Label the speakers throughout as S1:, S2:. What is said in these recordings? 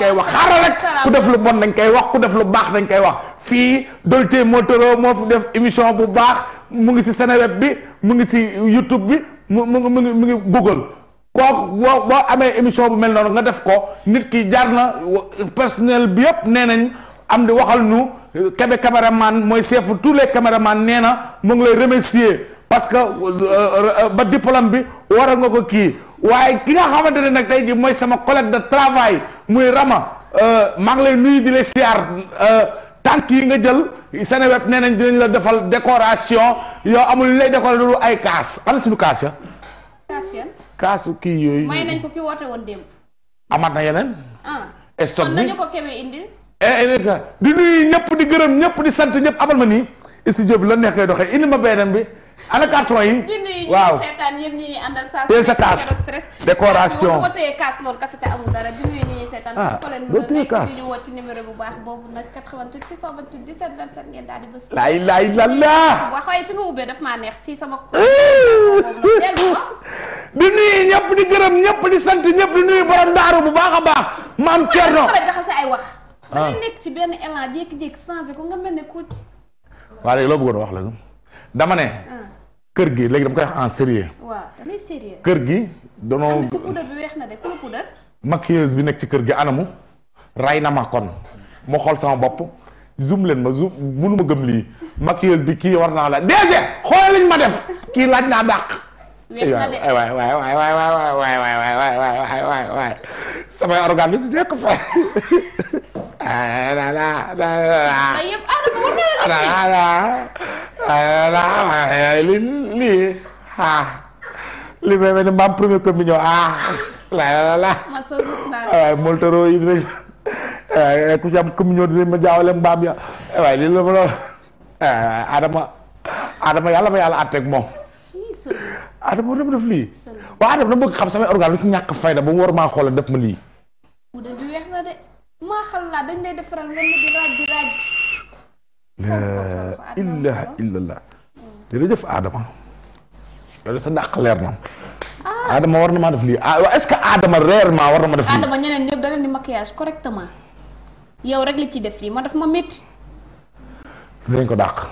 S1: koy wax xaaral rek ku def lu bon dañ koy wax ku def lu baax dañ koy wax fii Dolce Motoro moo fi def émission bu baax mu ngi si Seneweb bi mu ngi si YouTube bi mu mu mu ngi mu ngi Google koo boo boo amee émission bu mel noonu nga def ko nit ki jar na personnel bi yëpp nee nañ am di waxal ñu Kébé caméraman mooy chef tous les caméraman nee na mu ngi lay remercier parce que euh, euh, ba diplôme bi waral nga ko kii. waaye ki nga xamante ne nag tey mooy sama collègue de travail muy Rama euh, maa ngi lay nuyu di la siyaar euh, tànk yi nga jël Seneweb nee nañ dinañ la defal décoration yow amul li lay décorer loolu ay kaas ana suñu kaas ya. kaas yan kaasu kii yooyu.
S2: may ko ki woon démb.
S1: amaat na yeneen. ah stock bi kon nañu
S2: ko kemee
S1: eh, di nuyu ñëpp di gërëm ñëpp di sant ñëpp abal ma nii studio bi la neex kay doxee indi ma beneen bi. ana carton yi waaw
S2: setan yëpp ni andal àndal sa kaas décoration bu tëyee kaas loolu kasete amul dara di nuyu ni setan ko leen nekk ci numéro bu baax bobu nak 88 628 17 27 ngeen daal di la laay laay la la wax fi nga ubbee daf ma neex ci sama
S1: di nuyu ñëpp di gëreem ñëpp di sant ñëpp di nuyu borom daaru bu baax baax maam Thierno dara
S2: jaxase ay wax da ngay nekk ci ben élan jek jek changé ko nga melni ko ku
S1: waa ah. lo loo wax la dama ne. kër gi léegi dama koy wax en sérieux. kër gi danoo. si puudar bi weex na ci kër gi anamu. ray na ma kon. ma xool sama bopp. zoom leen ma zoom mënu gëm lii. maquilleuse bi kii war naa la dese xool liñ ma def. kii laaj naa dàq. samay organe nekk fa. ah ah ah ah ah ah ah li lii ah li may mel ni maam premier com bi ñëw ah. la la
S2: waaye
S1: yi rek ya waaye lii la ma lool adama yàlla ma yàlla àtteeg moom adama war na ma def lii waaw adama dama bëgg xam samay organ lu si ñàkk fayda ba mu war maa xoola def ma lii la ilaha illallah jërëjëf Adama yow sa dàq leer na Adama war na maa def lii ah est-ce que Adama war na ma def lii Adama
S2: ñeneen ñëpp da leen di maquillage correctement yow rek li ci def lii ma def ma métti
S1: dañ ko dàq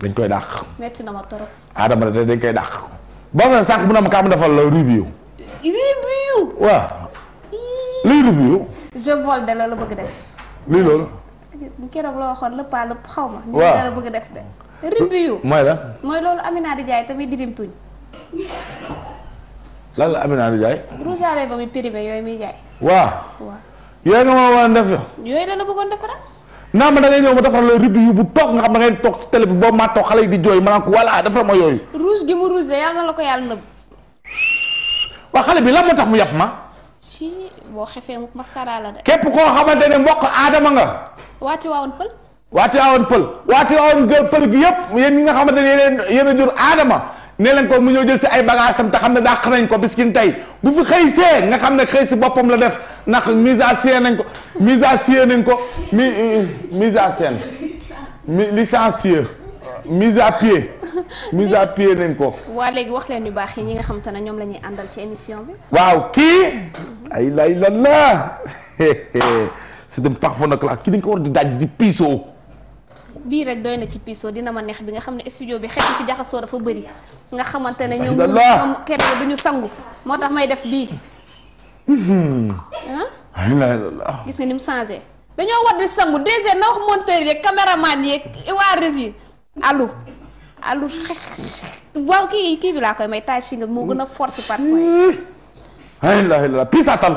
S1: dañ koy dàq
S2: métti na ma torop
S1: Adama da dañ koy dàq boo xam ne la review
S2: review
S1: lii loolu
S2: bu keroog la waxoon lëppaa lëpp xaw ma. waaw ñu la bëgg a def de. ribbi mooy la. mooy loolu Amina di jaay tamit didim tuñ.
S1: lan la Amina di jaay.
S2: rouge à lèvres bi périmé yooyu muy jaay.
S1: waaw. yooyu nga ma woon def.
S2: yooyu la la bëggoon defaraat.
S1: naa ma da ngay ñëw ma defaral la ribbi yu bu toog nga xam da ngay toog ci télé bi boo maa toog xale yi di jooy ma ko voilà defar ma yooyu.
S2: rouge gi mu rouge de yàlla na la ko yàlla nëbb.
S1: waa xale bi lan moo tax
S2: ci boo xefee mu mascara la de. képp
S1: koo xamante ne mboq aadama nga.
S2: waati waawoon pël.
S1: waati waawoon pël waati waawoon gël gi yëpp yéen ñi nga xamante ne yéen yéen a jur aadama ne leen ko mu ñëw jël si ay bagages am te xam ne dàq nañ ko biskin tey bu fi xëy see nga xam ne xëy si boppam la def ndax mise à scène nañ ko mise à scène nañ ko mi euh, mise à scène licencieux mise à pied mise à pied nañ ko.
S2: waa léegi wax leen ñu baax yi ñi nga xamante te ne ñoom la ñuy àndal ci émission bi.
S1: waaw kii. ay la la la c'est un parfum de classe kii dañ ko war di daaj di piisoo.
S2: bii rek doy na ci piisoo dina ma neex bi nga xam ne studio bi xet fi jaxasoo dafa bëri nga xamante ne ñoom. ñoom keroog ñu sangu moo tax may def bii.
S1: ay hmm. la la
S2: gis nga ni mu dañoo war di sangu dèjà na wax monteur yeeg caméraman yeeg waa régie alu alu waaw kii kii bi laa koy may taaj single moo gën a force parfum yi.
S1: alhamdulilah piis atal.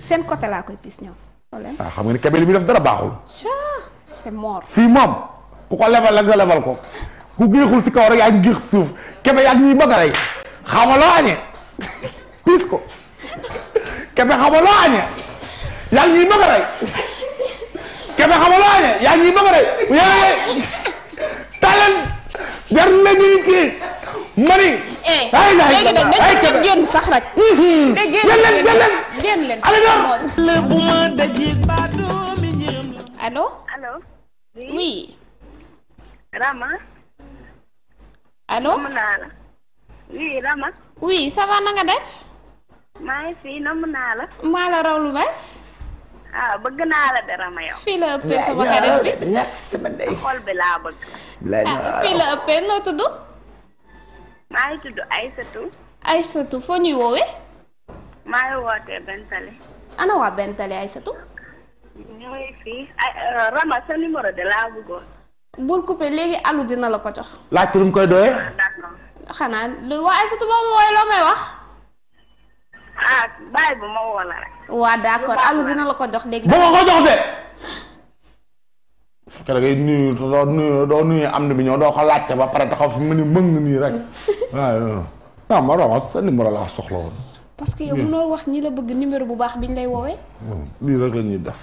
S2: seen côté laa koy piis ñoom. ah
S1: xam nga ni kebe li muy def dara baaxul. c'est mort. fii moom ku ko lebal la nga ko ku géexul ci kaw rek yaa ngi géex suuf kebe yaa ngi ñuy bëgg a rey piis ko kebe xamaloo añee yaa ngi ñuy bëgg a rey a talent jar nañu kii mari.
S2: Eh, ay na ay kaba ay kaba léegi génn sax
S1: rek. Mm-hmm.
S2: génn leen allo. allo. oui. Rama. allo. oui Rama. oui ça va na nga def. maa ngi fi namm naa la. maa la raw lu bees. ah bëgg naa la dara ma yow. fii la ëppee sama xarit
S1: bi
S2: xol ah, laa bëgg. ah fii la ëppee noo tudd. maa ngi tudd Aïssatou. Aïssatou foo ñuy woowee. maa ngi wootee Bentale. ana waa Bentale Aïssatou. ñu ngi fii ah, euh, Rama sa numéro de laa bëggoon. bul coupé léegi alu dina la ko jox.
S1: laajte lu mu koy doyee.
S2: xanaa lu waa Aïssatou boobu mooy loo may wax. ah bàyyi bu ma woo la rek. waa d'accord allo dina la ko jox léegi. bu ma ko jox de.
S1: su fekkee nuyu doo nuyu doo am na bi ñëw doo ko laajte ba pare taxaw fi mu ni mëng nii rek. waaw non non ma doon sa numéro laa soxla woon.
S2: parce que yow mënoo hmm. wax ñi la bëgg numéro bu baax bi ñu lay woowee.
S1: Hmm, lii rek la def.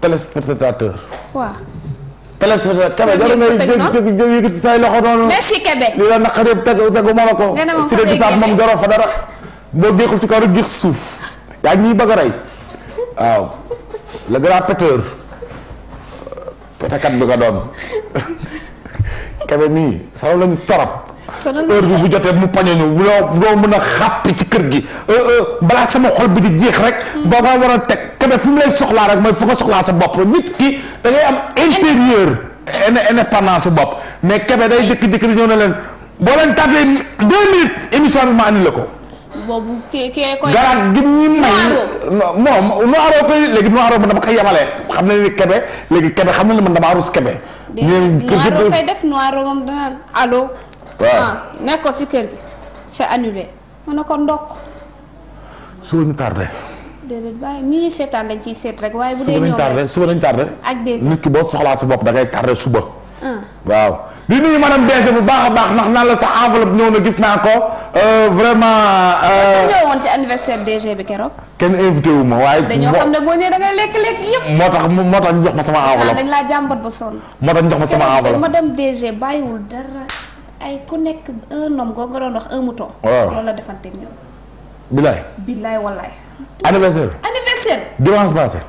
S1: téléspectateur. waaw. téléspectateur Kébé jarul nga yëkkati say loxo noonu. merci Kébé. li la naqaree tegu tegu mën a ko. nee na moom sax moom jaroo fa dara. boo déqul ci kaw rek géex suuf. yaa ngi ñuy bëgg a rey. waaw le grand péteur. pétakat bi nga doon. Kébé mii sax lañu torop.
S2: heure bi bu
S1: jotee mu pañe ñu loo mën ci kër gi euh, euh, balaa sama xol bi di jeex rek hmm. ba ma war a teg kene fu mu lay soxlaa rek mooy fu nga sa bopp nit ki da ngay am intérieur indépendance bopp mais kebe day jëkki-jëkki di ñëw na leen boo leen tardé deux minutes émission bi ma la ko
S2: boobu kii kii koy. garaat gi
S1: ñuy may noaroo noaroo koy léegi noaroo man dama koy yemalee xam ne ni kebe léegi kebe xam ne man ma arus kebe. noaroo koy
S2: def noaroo moom waaw ah, nekk ko si kër gi c'est annulé mu ne ko ndokk.
S1: suba ñu tardé.
S2: ñi seetaan dañ ciy seet rek waaye. bu dee ñoom
S1: rek suba nañ tardé ak des nit ki boo soxlaa sa bopp da ngay tardé suba. Ah. waaw di nuyu ma Bensé bu a baax ndax naan la sax enveloppe naa ko euh, vraiment. nga euh, ñëwoon
S2: ci anniversaire bi keroog.
S1: kenn invité wu ma waaye. dañoo xam ne
S2: boo ñëwee da lekk lekk yëpp. moo tax
S1: moo tax ñu ma sama ah, enveloppe
S2: dañ laa jàmbat ba sonn.
S1: moo tax ñu jox ma sama enveloppe ma dem
S2: DG bàyyiwul dara. ay ku nekk un homme nga doon wax un mouton. waaw loolu la defanteeg ñoom. bilaay. bilaay wallaay.
S1: anniversaire. anniversaire.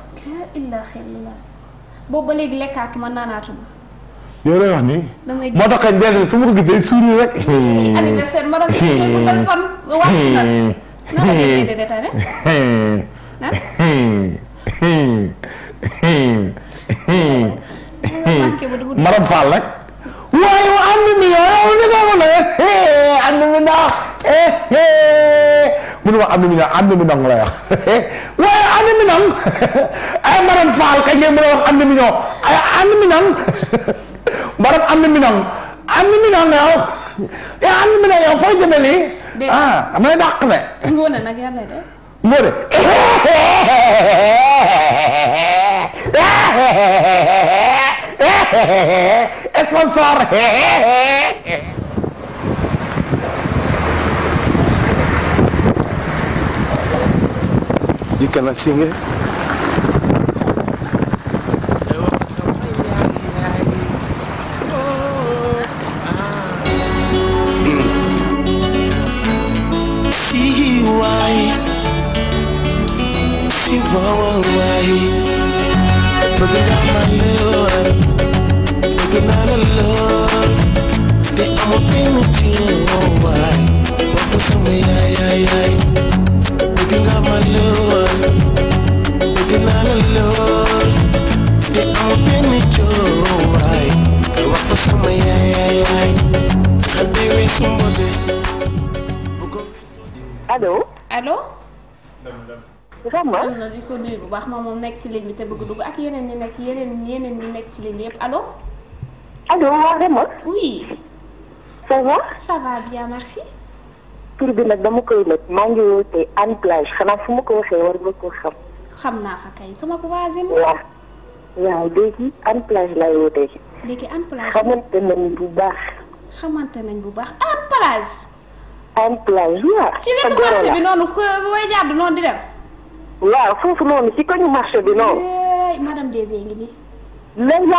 S2: boobu ba léegi lekkaatuma naanaatuma.
S1: yow lay wax nii.
S2: damay moo tax kañ
S1: des su ma ko gisee suur rek. anniversaire ma rek. waaye wa anni yarawnaka am na mi ndax munu ma am na mi ndax am na mi ndax la wax waaye am na mi ndax ay maram faal kañ ngeen mën a wax am na mi ñoo ay am na mi ndax maram am na mi ndax
S2: am na mi ndax nga yow yow am na mi ndax yow fooy jëmee lii
S1: ah am na dàq ne
S2: ngoone nag yàlla de
S1: ngoone esponsor You cannot sing it.
S2: ko bu baax moom moom nekk ci ligne bi te bëgg dugg ak yeneen ñi nekk yeneen yeneen ñi nekk ci ligne bi yëpp allo. allo waaw Demba. oui. ça va. ça va bien merci. tur bi nag dama koy lëkk
S1: maa ngi wootee Hann Plage xanaa fu ma ko waxee war nga koo xam.
S2: xam naa fa kay sama voisine. waaw waaw léegi Hann Plage laay wootee. léegi Hann Plage xamante nañ bu baax. xamante nañ bu baax Hann Plage. Hann Plage waaw. ci wetu marché bi noonu ko way jàdd noonu di dem. waaw foofu noonu ci kañu marché bi noonu. madame Désiré ngi dëkk en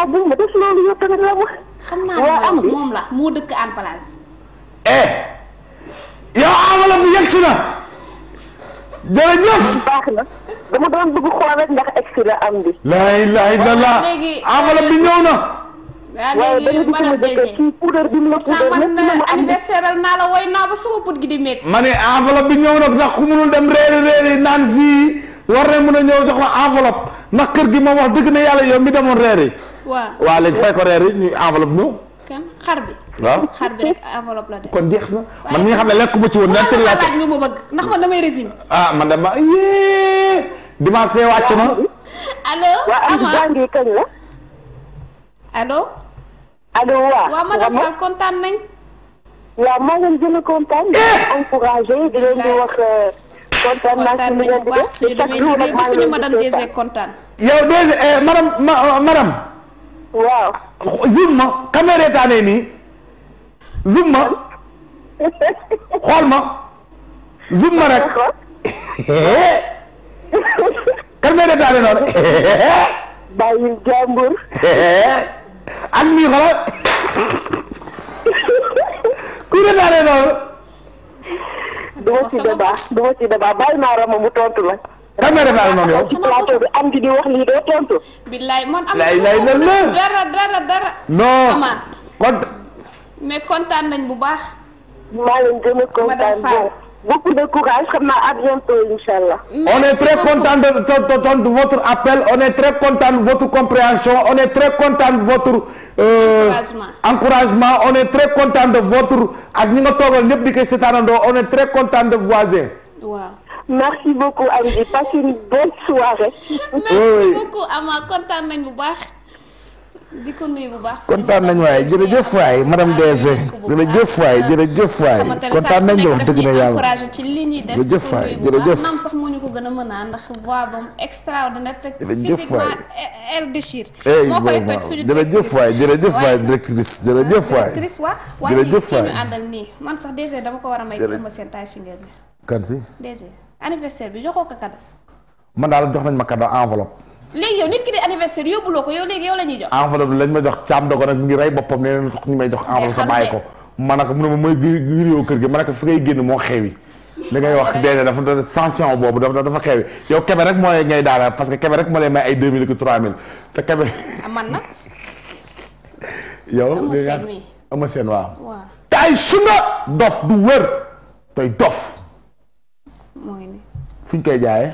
S1: eh, bi yegg si na. jërëjëf baax na la am bi. la euh, bi ñëw
S2: waaye da nga di sama jëkkër kii puudar bi mu la puudar anniversaire naa la woy naa ba sama put gi di métti ma ne enveloppe bi ñëw
S1: nag ndax ku munul dem réeri réeri naan si war na mën a ñëw jox la envelop ndax kër gi moom wax dëgg na yàlla yow mi demoon réeri
S2: waaw waaw léegi fay ko
S1: réeri ñu enveloppe ñëw
S2: xar bi waaw la de kon jeex na man mi nga xam ne
S1: lekk ma ci woon naan tëj laa laaj
S2: lu ma bëgg ndax man damay résumé
S1: ah man dama
S2: yee
S1: dimanche fee wàcc na
S2: allo ama allo waaw. waaw madame kontaan nañ. waaw maa ngi gën a kontaan. di leen eh! encouragé wax. Euh,
S1: kontaan nañ ba suñu madame
S2: DG kontaan.
S1: yow DG eh, madame ma euh, madame. waaw. zoom ma caméra nii. zoom ma. xool ma. zoom ma rek. caméra reetaanee noonu. bàyyi jàmbur. ak mi xoolal ku ne noonu. du ci débat du ma ci débat bàyyi naa rama mu tontu la. kan nga defaral yow. ci plateau bi am gi di wax lii doo
S2: tontu. billaay man am dara dara dara. non mais kontaan nañ bu baax. maa leen gën a kontaan beaucoup de courage. À bientôt, On est très content
S1: de, votre appel. On est très content de votre compréhension. On est très content de votre euh, encouragement. On est très content de votre. On est très content de voisin.
S2: Wow. Merci beaucoup, Andy. Passez une bonne soirée. Merci beaucoup, Ama. Content, di ko nuyu bu baax.
S1: kontaan nañu waay jërëjëf waay madame DG jërëjëf waay jërëjëf waay kontaan nañu wax dëgg na yàlla
S2: jërëjëf waay jërëjëf naam sax moo ñu ko gën a mën a ndax voix ba mu extraordinaire te physiquement elle déchire. moo koy toj suñu jërëjëf waay jërëjëf waay
S1: directrice jërëjëf waay directrice
S2: waa waaye ñu àndal nii man sax DG dama ko war a may ma seen taay si ngeen bi kan si DG anniversaire bi joxoo ko cadeau
S1: man daal jox nañ ma cadeau enveloppe
S2: léegi yow nit ki di anniversaire yóbbuloo ko yow léegi yow la jox
S1: enveloppe lañ ma jox caam dogo nag mu ngi rey boppam ne leen may jox enveloppe sa ko man nag mu ne ma mooy vidéo kër gi man nag fi ngay génn moo xewi li ngay wax déedéet dafa doon boobu dafa dafa xewi yow kebe moo lay ngay daala parce que kebe rek moo lay may ay 2000 ak 3000 te kebe ah, man nag yow ama seen te ay su dof du wër tey dof mooy ni fu ñu koy jaayee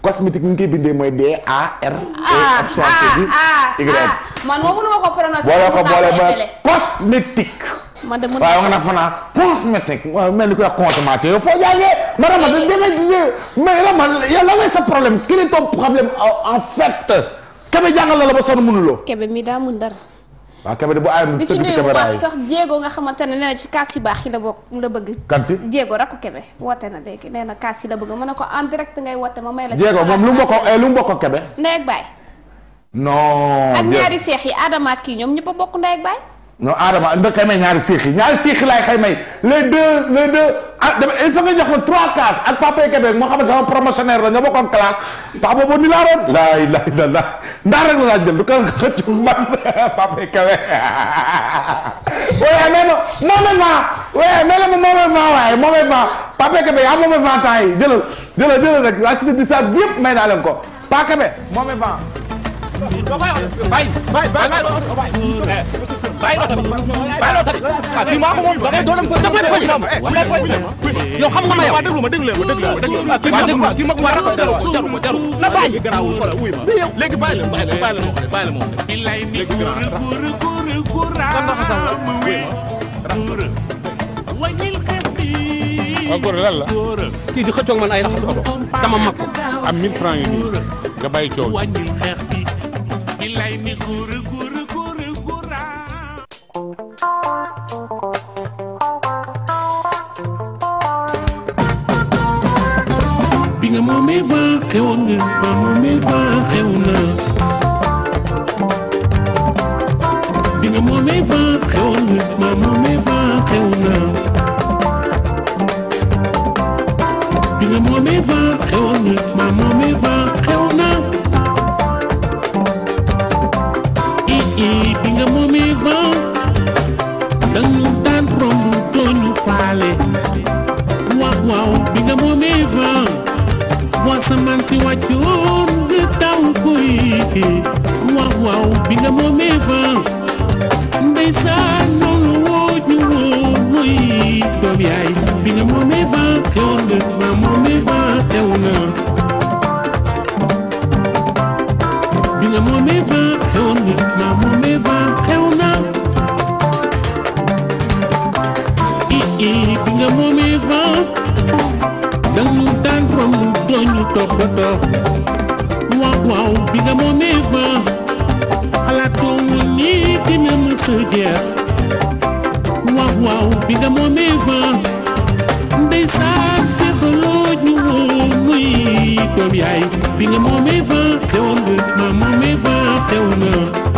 S1: cosmétique ñu ngi koy bindee mooy D A R. E ah ah ah, ah
S2: man moom mënuma ko prononcé. boole ko boole boole
S1: cosmétique.
S2: man de mën naa waaw nga fanaa
S1: cosmétique waaw mel ni ko a consommation yow foo jaagee. ma ramas mais ramas yow la mooy sa problème quel est ton problème en fait. Kébé jàngal la la ba sonn mënuloo.
S2: Kébé mi daa mun dara.
S1: waaw caméra bu aayam di ci nuyu bu baax sax
S2: jéego nga xamante ne nee na ci kaas yu baax yi la bokk la bëgg. kan si rakku kebe woote na léegi nee na kaas yi la bëgg mën na ko en direct ngay woote ma may la. jéego
S1: moom lu mu bokk eh, lu mu bokk kebe. ndey ak baay. non
S2: Adama ak kii ñoom ñëpp bokk ndey ak baay.
S1: non Adama nga xamee ñaari seex yi ñaari seex yi laay may les deux les deux. ah dama il faut nga jox ma trois classes ak Papa Kébé moo xam ne sama promotionnaire la ñoo bokkoon classe Papa boobu ni laa doon laa ilaaha illallaah ndax la laa jël du ko xëcc man Papa
S2: Kébé
S1: waaye nee yaa moome ma temps yi jëlal jëlal jëlal rek laa di saat bi yëpp naa leen ko Papa Kébé moome ma waaw
S3: góor lan la kii di xëccoog man ay raxas oto dama mag ko am 1000 francs yi nii nga bàyyi coow Binga ni guru guru guru gura bi nga moomee vin xewoon me si wa chur de tau kui ki wa wa binga mo me va mbe sa no wo ni wo moi ko bi ai binga mo me va ke onde ma mo me va te una binga mo me va ke onde ma mo me va te una i i binga mo me va Dang ko ñu toppatoo waaw waaw bi nga moomee vin xalaatoo woon ni dina mës a jeex waaw waaw bi nga moomee vin ndey saa seexaloo ñu woon muy doom yaay bi nga moomee vin teewoon nga ma moomee vin teew na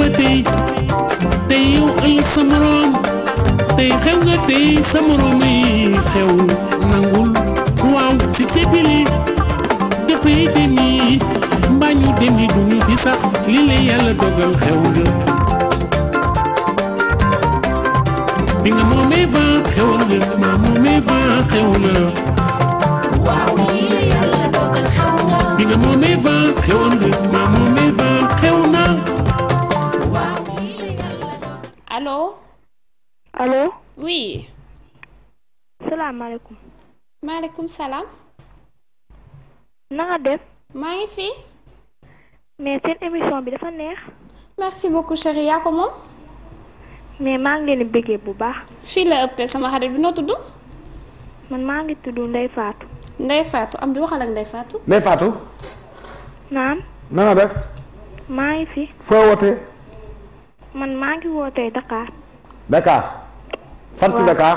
S3: bati te yow ay sa moroom te xew nga te sa moroom yi xew nangul waaw si sebili dafay demi mbaa ñu demi mi, fi sax li la yàlla dogal xew nga bi nga moomee fa xew nga nga moomee fa xew nga waaw li la yàlla dogal xew nga bi nga moomee fa xew nga
S2: asalaamaaleykum. maaleykum salaam. na nga def. maa ngi fi. mais seen émission bi dafa neex. merci beaucoup chérie yaa ko moom. mais maa ngi leen bëggee bu baax. fii la ëppee sama xarit bi noo tudd. man maa ngi tudd Ndeye Fatou. Ndeye Fatou am di waxal ak Ndeye Fatou. Ndeye Fatou. naam. na nga def. maa ngi fi. foo wootee. man maa ngi wootee Dakar.
S1: Dakar. fan ci Dakar.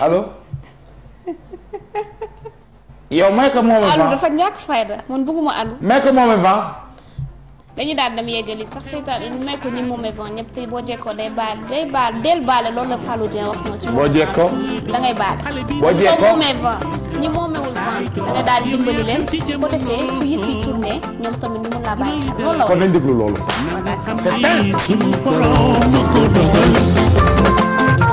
S1: allo. yow may ko moom vent dafa
S2: ñàkk fayda man bëgguma ànd.
S1: may ko moom vent.
S2: dañu dem yeggali sax seetaan may ko ñi moom vent ñëpp te boo jekkoo day baal day baal del baale loolu la Fallou Dieng wax
S1: ma ci
S2: da ngay baale. boo jekkoo moomee vent ñi moomewul vent da nga leen bu defee su yëf yi tourné ñoom tamit ñu mun laa bàyyi xel
S1: loolu la kon loolu.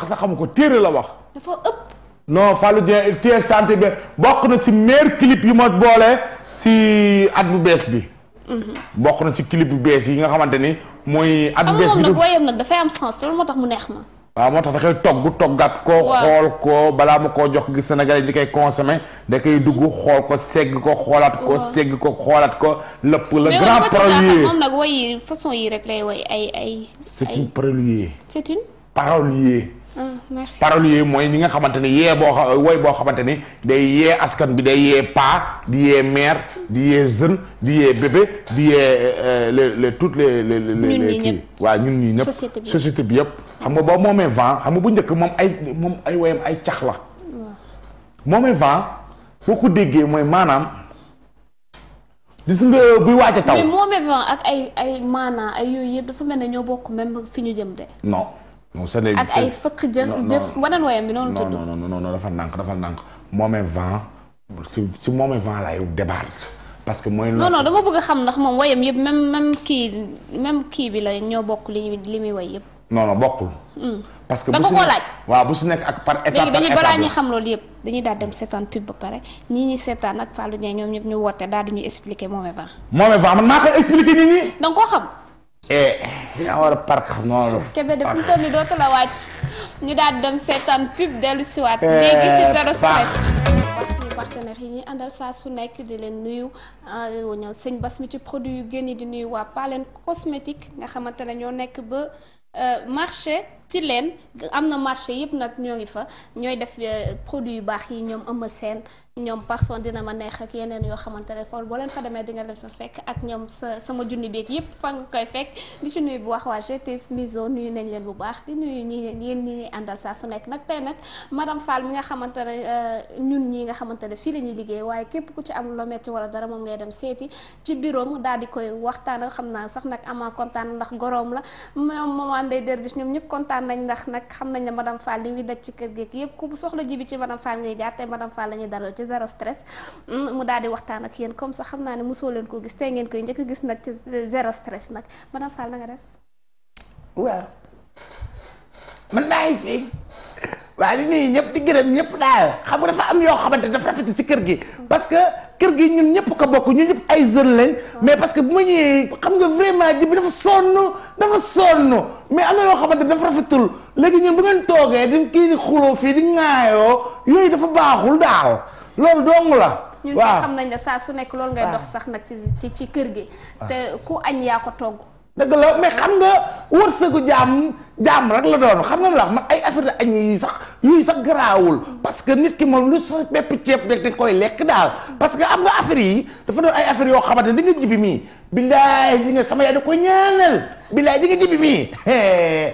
S1: wax sax xamu la wax. dafa ëpp. non Fallou Dieng téye santé bi bokk na ci meilleur clip yu ma bolé si at bu bees bi. Mhm. bokk na ci clip bu bees yi nga xamante ni mooy. at bu bees bi nag
S2: nak da fay am sens loolu motax mu neex ma.
S1: wa motax da kay togg toggat ko. xol ko bala mu ko jox gi Sénégalais di koy consommé da kay dugg xol ko ségg ko xolat ko. ségg ko xolat ko lepp le grand parolier. moom
S2: nag woy façon yi rek lay way ay ay. c'est une
S1: parolier. c'est une. parolier.
S2: Ah, merci
S1: parole yooyu mooy ñi nga xamante ne yee boo xa woy boo xamante ni day yee askan bi day yee paa di yee mère di yee jeune di yee bébé di yee les euh, les toutes les les les kii waaw ñun ñi ñëpp société bi yëpp xam nga boo moomee vent xam nga bu njëkk moom ay moom ay woyam ay cax la moomee vent boo ko mooy maanaam gis nga taw
S2: ak ay ay maanaa ay yooyu yëpp mel ne ñoo bokk même fi ñu jëm de
S1: ak ay fëkk non que non non non non non non non non non non non non si si non parce que non non non
S2: non bëgg a xam non non même même non même non bi non ñoo non li li
S1: non non parce que bu non non non bu si non ak par non non non non non xam
S2: non non dañuy daal dem non pub ba que non non non non non non non non ñu non daal ñu expliquer
S1: dinaa eh, war a park xam la.
S2: ñu wàcc ñu daal di dem seetaan pub dellu si waat. Eh, léegi ci zéro stress. partenaires yi àndal saa su nekk di leen nuyu ah, ñëw sëñ Bas mi ci produit yu génn di nuyu waa Palen cosmétique nga xamante ne ñoo nekk ba euh, marché. ci leen am na marché yëpp nag ñoo ngi fa ñooy def euh, produit yu baax yi ñoom ëmb seen ñoom parfum dina ma neex ak yeneen yoo xamante ne foofu boo leen fa demee di nga leen fa fekk ak ñoom sa sama junni beeg yëpp fa nga koy fekk di ci nuyu bu wax waa GTS nañ leen bu baax di nuyu ñi yéen ñi ñuy àndal saa su nekk nag tey nag madame Fall mi nga xamante ne euh, ñun ñi nga xamante ne fii la ñuy liggéey waaye képp ku ci am lu metti wala dara moom ngay dem seeti ci bureau daal di koy waxtaan xam naa sax nag amaa kontaan ndax goroom la moom maman Ndeye Derbiche ñoom ñëpp kontaan kontaan nañ ndax nag xam nañ ne madame Fall li muy daj ci kër geeg yëpp ku bu soxla jibi ci madame Fall ngay jaar tey madame Fall la ñuy ci zéro stress mm, mu daal di waxtaan ak yéen comme sax xam naa ne mosoo leen ko gis tey ngeen koy njëkk gis nag ci zéro stress nag madame Fall na nga def.
S1: waaw man maa ngi fi waaye li ñuy ñëpp di gërëm ñëpp daal xam dafa am yoo xamante dafa rafet ci kër gi kër gi ñun ñëpp ko bokk ñun ñëpp ay jeunes lañ mais parce que bu ma ñëwee xam nga vraiment ji bi dafa sonn dafa sonn mais am na yoo xamante dafa rafetul léegi ñun bu ngeen toogee di kii di xuloo fii di ŋaayoo yooyu dafa baaxul daal loolu dong la ñun xam
S2: nañ ne saa su nekk lool ngay dox sax nag ci ci kër gi ah. te ku añ yaa ko togg
S1: dëgg la mais xam nga wërsëgu jaam jaam rek la doon xam nga la man ay affaire añ yi sax yuy sax garaawul parce que nit ki moom lu sa pepp ceeb rek dañ koy lekk daal parce que am nga affaire yi dafa doon ay affaire yoo xamante ni nga jibi mii billaay ji nga sama yaay da koy ñaanal billaay ji nga jibi mii eh,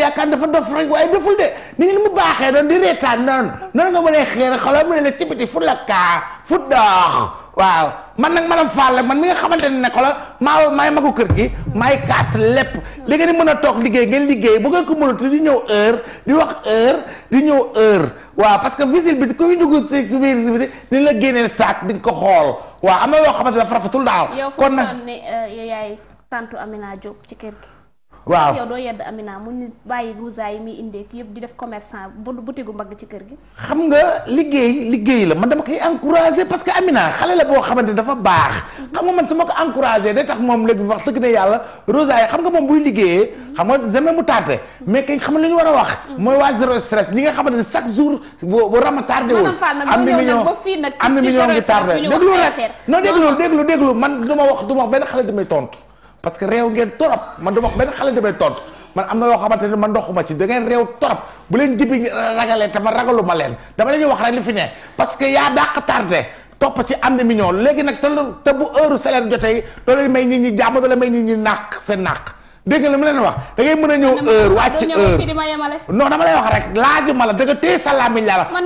S1: yaakaar dafa dof rek waaye dëful de ni ngeen mu baaxee noonu di reetaan noonu noonu nga mën a xeer xoolal mu ne la ci biti fu la kaa fut doox waaw man nag madame la man mi nga xamante ne ne ko la maa maay magu kër gi maay kaas lépp li ngeen mën a toog liggéey ngeen liggéey bu ngeen ko mënut di ñëw heure di wax heure di ñëw heure waa parce que visite bi ku ñu dugg si si biir bi ni la génneel saak di nga ko xool waaw am na yoo xamante ne dafa rafetul daaw. kon nag yow fu mu toll
S2: nii eh, yow tantu Amina Diop ci kër gi. waaw yow doo yedd Amina mu ñu bàyyi rousa yi muy indee yëpp di def commerçant bu butigu mbagg ci kër gi.
S1: xam nga liggéey liggéey la man dama koy encouragé parce que Amina xale la boo xamante dafa baax. xam nga man su ma ko encouragé tax moom léegi wax dëgg ne yàlla rousa yi moom buy liggéeyee. xam nga jamais mu tardé. mais kañ xam li ñu war a wax. mooy waa zéro stress ñi nga xamante ne chaque jour boo boo rama tardé wul. am na million am na million ngi tardé déglu rek déglu déglu déglu man du ma wax du ma wax benn xale tontu parce que réew ngeen torop man du ma xale damay tontu man am na xamante ne man ndoxuma ci da ngeen réew torop bu leen leen dama leen wax parce que yaa léegi nag te te bu heure salaire jotee doo leen may nit ñi jàmm doo leen may nit ñi nàq seen wax da ngay mën a ñëw heure wàcc
S2: heure dama lay wax rek
S1: da nga téye sa làmmiñ laa la man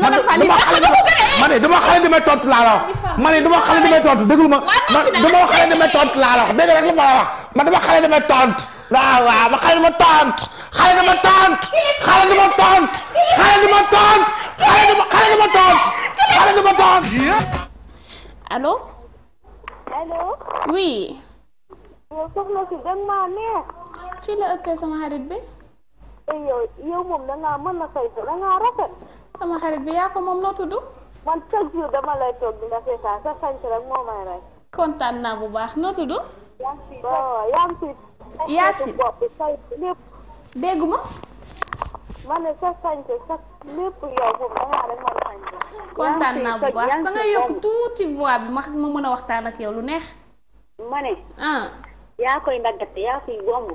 S1: ma ne duma xale damay tontu laa la wax ma ne duma xale damay tontu déglu duma xale damay tontu laa la wax dégg rek lu ma la wax man dama xale dama tontu waaw waaw ma xale dama tontu xale dama tontu xale dama tontu xale dama tontu xale dama xale xale
S2: dama tontu. allo. allo. oui. yow soxna si da nga neex. fii la ëppee sama xarit bi. Eh, yow yow moom da na yaa ko moom noo tudd. man chaque jour dama lay toog di nga seetaan sa sant rek moo may rey. kontaan naa bu baax noo tudd. yaa ngi si. yaa si dégg ma. ma sa sañse a kontaan naa bu baax sa nga yokk tuuti voix bi ma ma mën a waxtaan ak yow lu neex. ma ne. ah. yaa koy ndagate yaa koy gomb.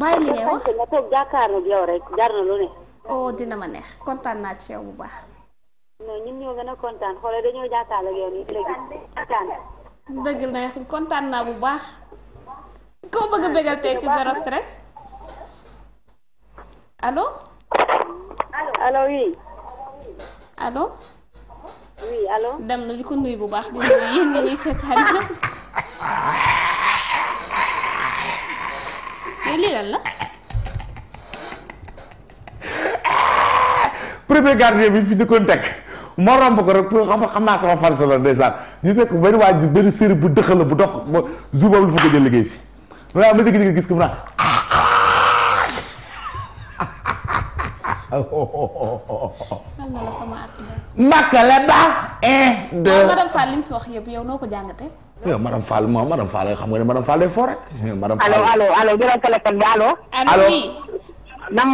S2: bàyyi li ngay wax nga toog jàkkaarloog yow rek jar na lu ne. oh dina ma neex kontaan naa ci yow bu baax.
S3: non ñun ñoo gën a kontaan xoolal dañoo jàkkaarloog yow nii léegi kontaan.
S2: dëgg la kontaan naa bu baax. koo bëgg a bégal tey ci zéro stress dem na di ko nuyu bu baax di nuyu yéen ñi ñuy seetaan
S1: bi fi dëkkoon teg moo romb ko rek pour xam xam naa sama farce la ndeysaan ñu fekk benn waa ji benn série bu dëxal bu dox ba zubam lu fa jël liggéey si. Mulai ambil dikit dikit kemudian. Maka lebah eh de. Nah, madam
S2: Fall fi wax yëpp ya, yow ya, noo ko jàngatee. Eh.
S1: Ya, madam Fall moom madam Fall xam nga madam Fall eh, fo rek. madam Fall allo allo allo bi allo. allo
S2: nam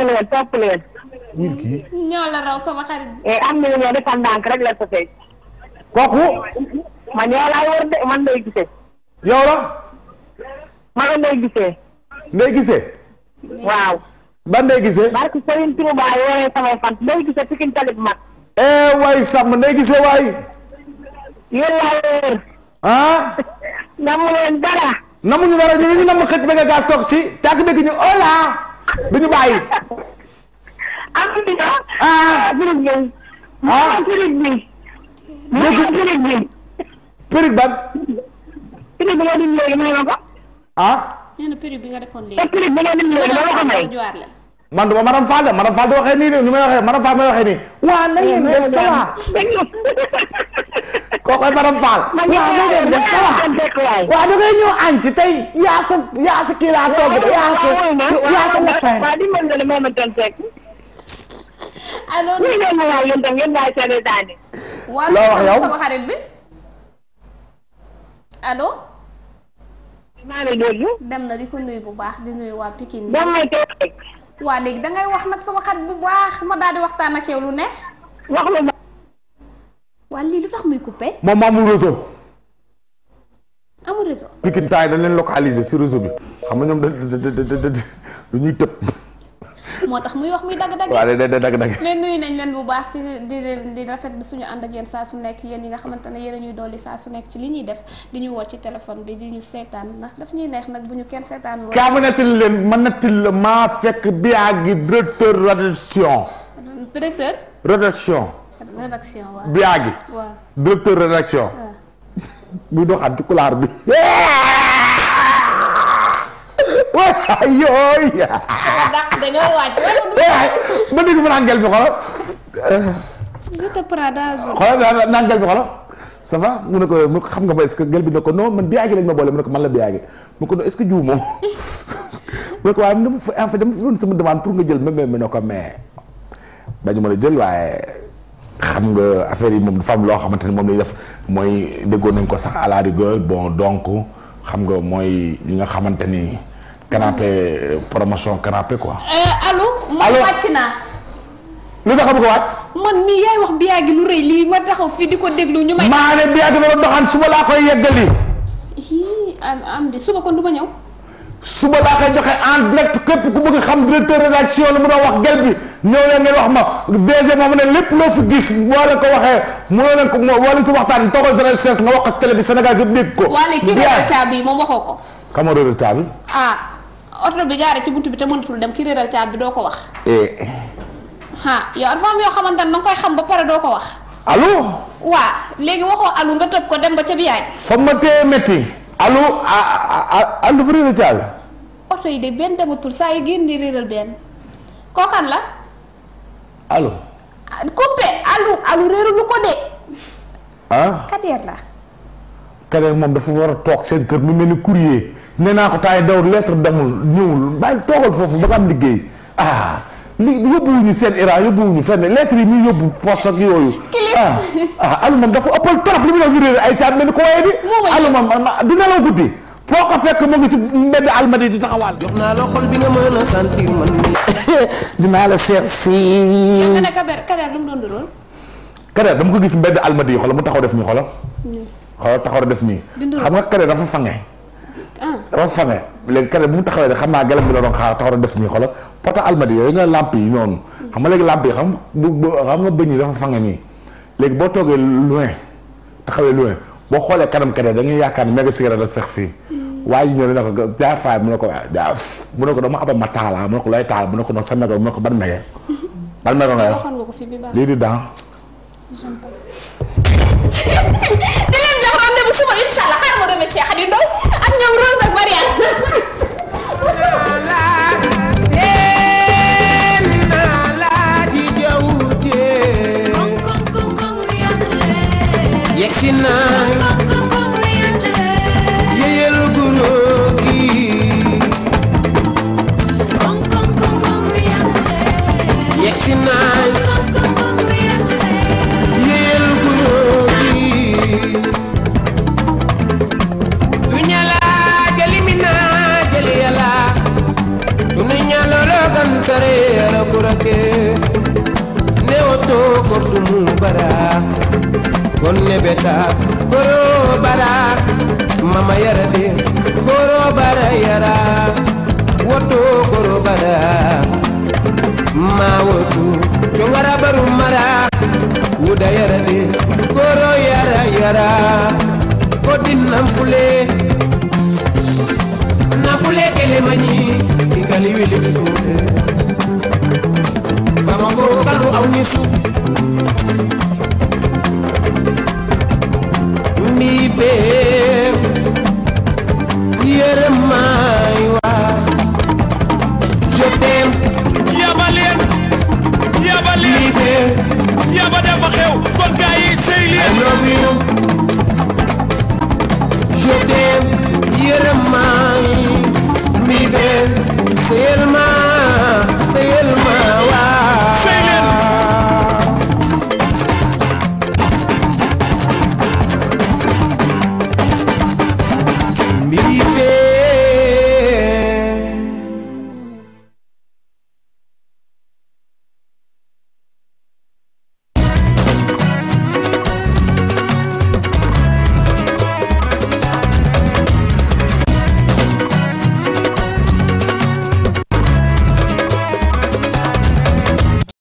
S2: raw sama xarit. eh am
S1: na ñoo defal ndànk rek la sa tey. man de man day gisee. yow la. ma nga Ndeye Guissé. Ndeye Guissé. waaw. ba Ndeye Guissé. barke Serigne Touba yore samay fan Ndeye Guissé Pikine talib mag. eh waay sàmm Ndeye Guissé waay. yéen laa wér. ah. namu leen dara. namuñu dara ñu ngi ñu namm xëcc ba nga gaa toog si tàkk dëkk ñu hola duñu bàyyi. am nañu ah. ah périg bi. ah périg bi. mu ngi périg bi. périg ban. périg bi nga dindi léegi may ma ko. ah
S2: nee na période bi nga defoon léegi période bi nga defoon léegi dama ko may
S1: man duma madame Fall madame Fall di waxee nii ni may waxee madame Fall may waxee nii waa na ngeen def sa waa kookoy madame Fall waa na ngeen def sa waa waa da ngay ñëw añ ci tey yaa sa yaa sa kii laa togg de sa yaa sa lapin waa di mën nga ne ma doon fekk
S2: alors ñu ngeen ma waa yéen ngeen waay seen daane waa loo wax sama xarit bi allo maa ngi dégg. dem na di ko nuyu bu baax di nuyu waa Pikine. ba may tey. waa léegi da ngay wax nag sama xat bu baax ma daal di waxtaan ak yow lu ne. wax lu baax. waa lii lu tax muy coupé.
S1: moom amul réseau. amul réseau. Pikine taay dañ leen localiser si réseau bi xam nga ñoom dañuy tëb.
S2: moo tax muy wax muy dagg-dagg. waaw day dagg-dagg. mais nuyu nañ leen bu baax ci di leen di rafetlu suñu ànd ak yéen saa su nekk yéen yi nga xamante ne yéen a ñuy dolli saa su nekk ci li ñuy def di ñu woo ci téléphone bi di ñu seetaan ndax daf ñuy neex nag bu ñu kenn seetaan. loolu kaa ma nettali
S1: leen ma nettali la maa fekk bi gi directeur rédaction. directeur. rédaction.
S2: rédaction waaw. biyaa gi. waaw
S1: directeur rédaction. muy doxaan ci kulaar bi. Wah, ayo ya. Mending menanggal pokoknya.
S2: Zuta Prada Zuta. xoolal
S1: daal naan gel bi xoolal ça va mu ne ko mu xam nga ma est ce que gel bi ne ko non man biyaagi lañ ma boole mu ne ko man la biyaagi mu ko non est ce que juumoo mu ne ko waaye dama fa en fait dama doon sama demande pour nga jël ma mais mu ne ko mais dañu mën a jël waaye xam nga affaire yi moom dafa am loo xamante ne bon donc xam nga mooy li nga xamante canapé euh, promotion canapé ko
S2: euh, allo. man wàcc naa.
S1: lu tax a bëgg a wàcc.
S2: man mii yaay wax biyaa gi lu rëy lii ma taxaw fii di ko déglu ñu may. maa ne biyaa gi la doxaan suba laa koy yeggali. hi suba kon du ma ñëw.
S1: suba laa koy joxe en direct képp ku bëgg xam directeur rédaction la mu a wax gel bi ñëw ngeen wax ma DG moom ne lépp loo fi gis boo leen ko waxee mënoo leen ko wala si waxtaan toogal sa nga wax ak télé bi Sénégal ko. biyaa
S2: waale ko.
S1: Camara de caabi.
S2: Ah. oto bi gaare ci buntu bi te mënatul dem ki réeral caab bi doo ko wax. ah yow dafa am yoo xamante ne da koy xam ba pare doo ko wax. allo. waa léegi waxoo allo nga tëb ko dem ba ca biyaay.
S1: fa ma tee métti. allo allo fa réeral caab.
S2: oto yi de benn dematul saa yu génn di réeral benn kookan la. allo. Ah, coupé allo allo réeralu ko de. kadeer ah. la.
S1: Kader moom dafa war a toog seen kër mu mel ni courrier nee naa ko taay daw lettre demul ñëwul bàyyi toogal foofu ba nga am liggéey ah li yóbbuwuñu seen Iran yóbbuwuñu fenn lettre yi muy yóbbu poste ak yooyu. ah, ah alu moom dafa ëppal trop li mu doon réer ko waaye di. alu moom ah, du nelaw mu ngi si mbedd almadi di taxawaal. jox naa la xol bi nga mën a sentir man. dinaa la seet si. yow nga
S2: ne Kader lu mu doon dural.
S1: Kader dama ko gis mbedd almadi yi xoolal mu taxaw def ñu xoolal. Mm. xoolal taxawal def nii. xam nga kare dafa fange. Ah. dafa fange léegi kare bu mu taxawee rek xam naa gàllam bi la doon xaar taxawal def nii xoolal poto almadi yooyu nga yi noonu. xam nga léegi lamp yi xam xam nga bëñ yi dafa fange nii léegi boo toogee loin taxawee loin boo xoolee kanam kare da ngay yaakaar ne méga cigarette la fii. Hmm. waaye ñoo ne ko jaafaay mu ne ko jaaf mu ne ko dama abal ma taalaa ah, mu ne ko lay taal mu ne ko noonu sa mego mu ne ko ban mege.
S2: ban mege nga wax lii di daan. suba incha allah xaaral ma remercier Khady Ndaw ak ñoom Rose ak Mariane
S3: bamakoro kalo aw ni su n b'i fɛ yɛrɛ mayiwa je t'aime yabalien yabalien n b'i fɛ yabadɛma xew kon gaa yi